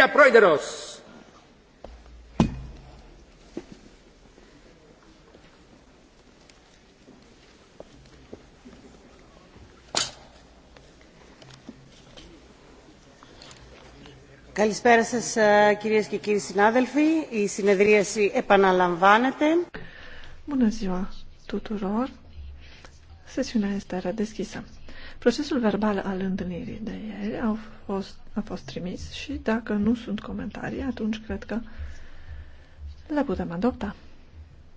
Κυρία Πρόεδρος. Καλησπέρα σας κυρίες και κύριοι συνάδελφοι. Η συνεδρίαση επαναλαμβάνεται. Bună ziua tuturor. Sesiunea este redeschisă. Procesul verbal al întâlnirii de ieri a fost, a fost trimis și dacă nu sunt comentarii, atunci cred că le putem adopta.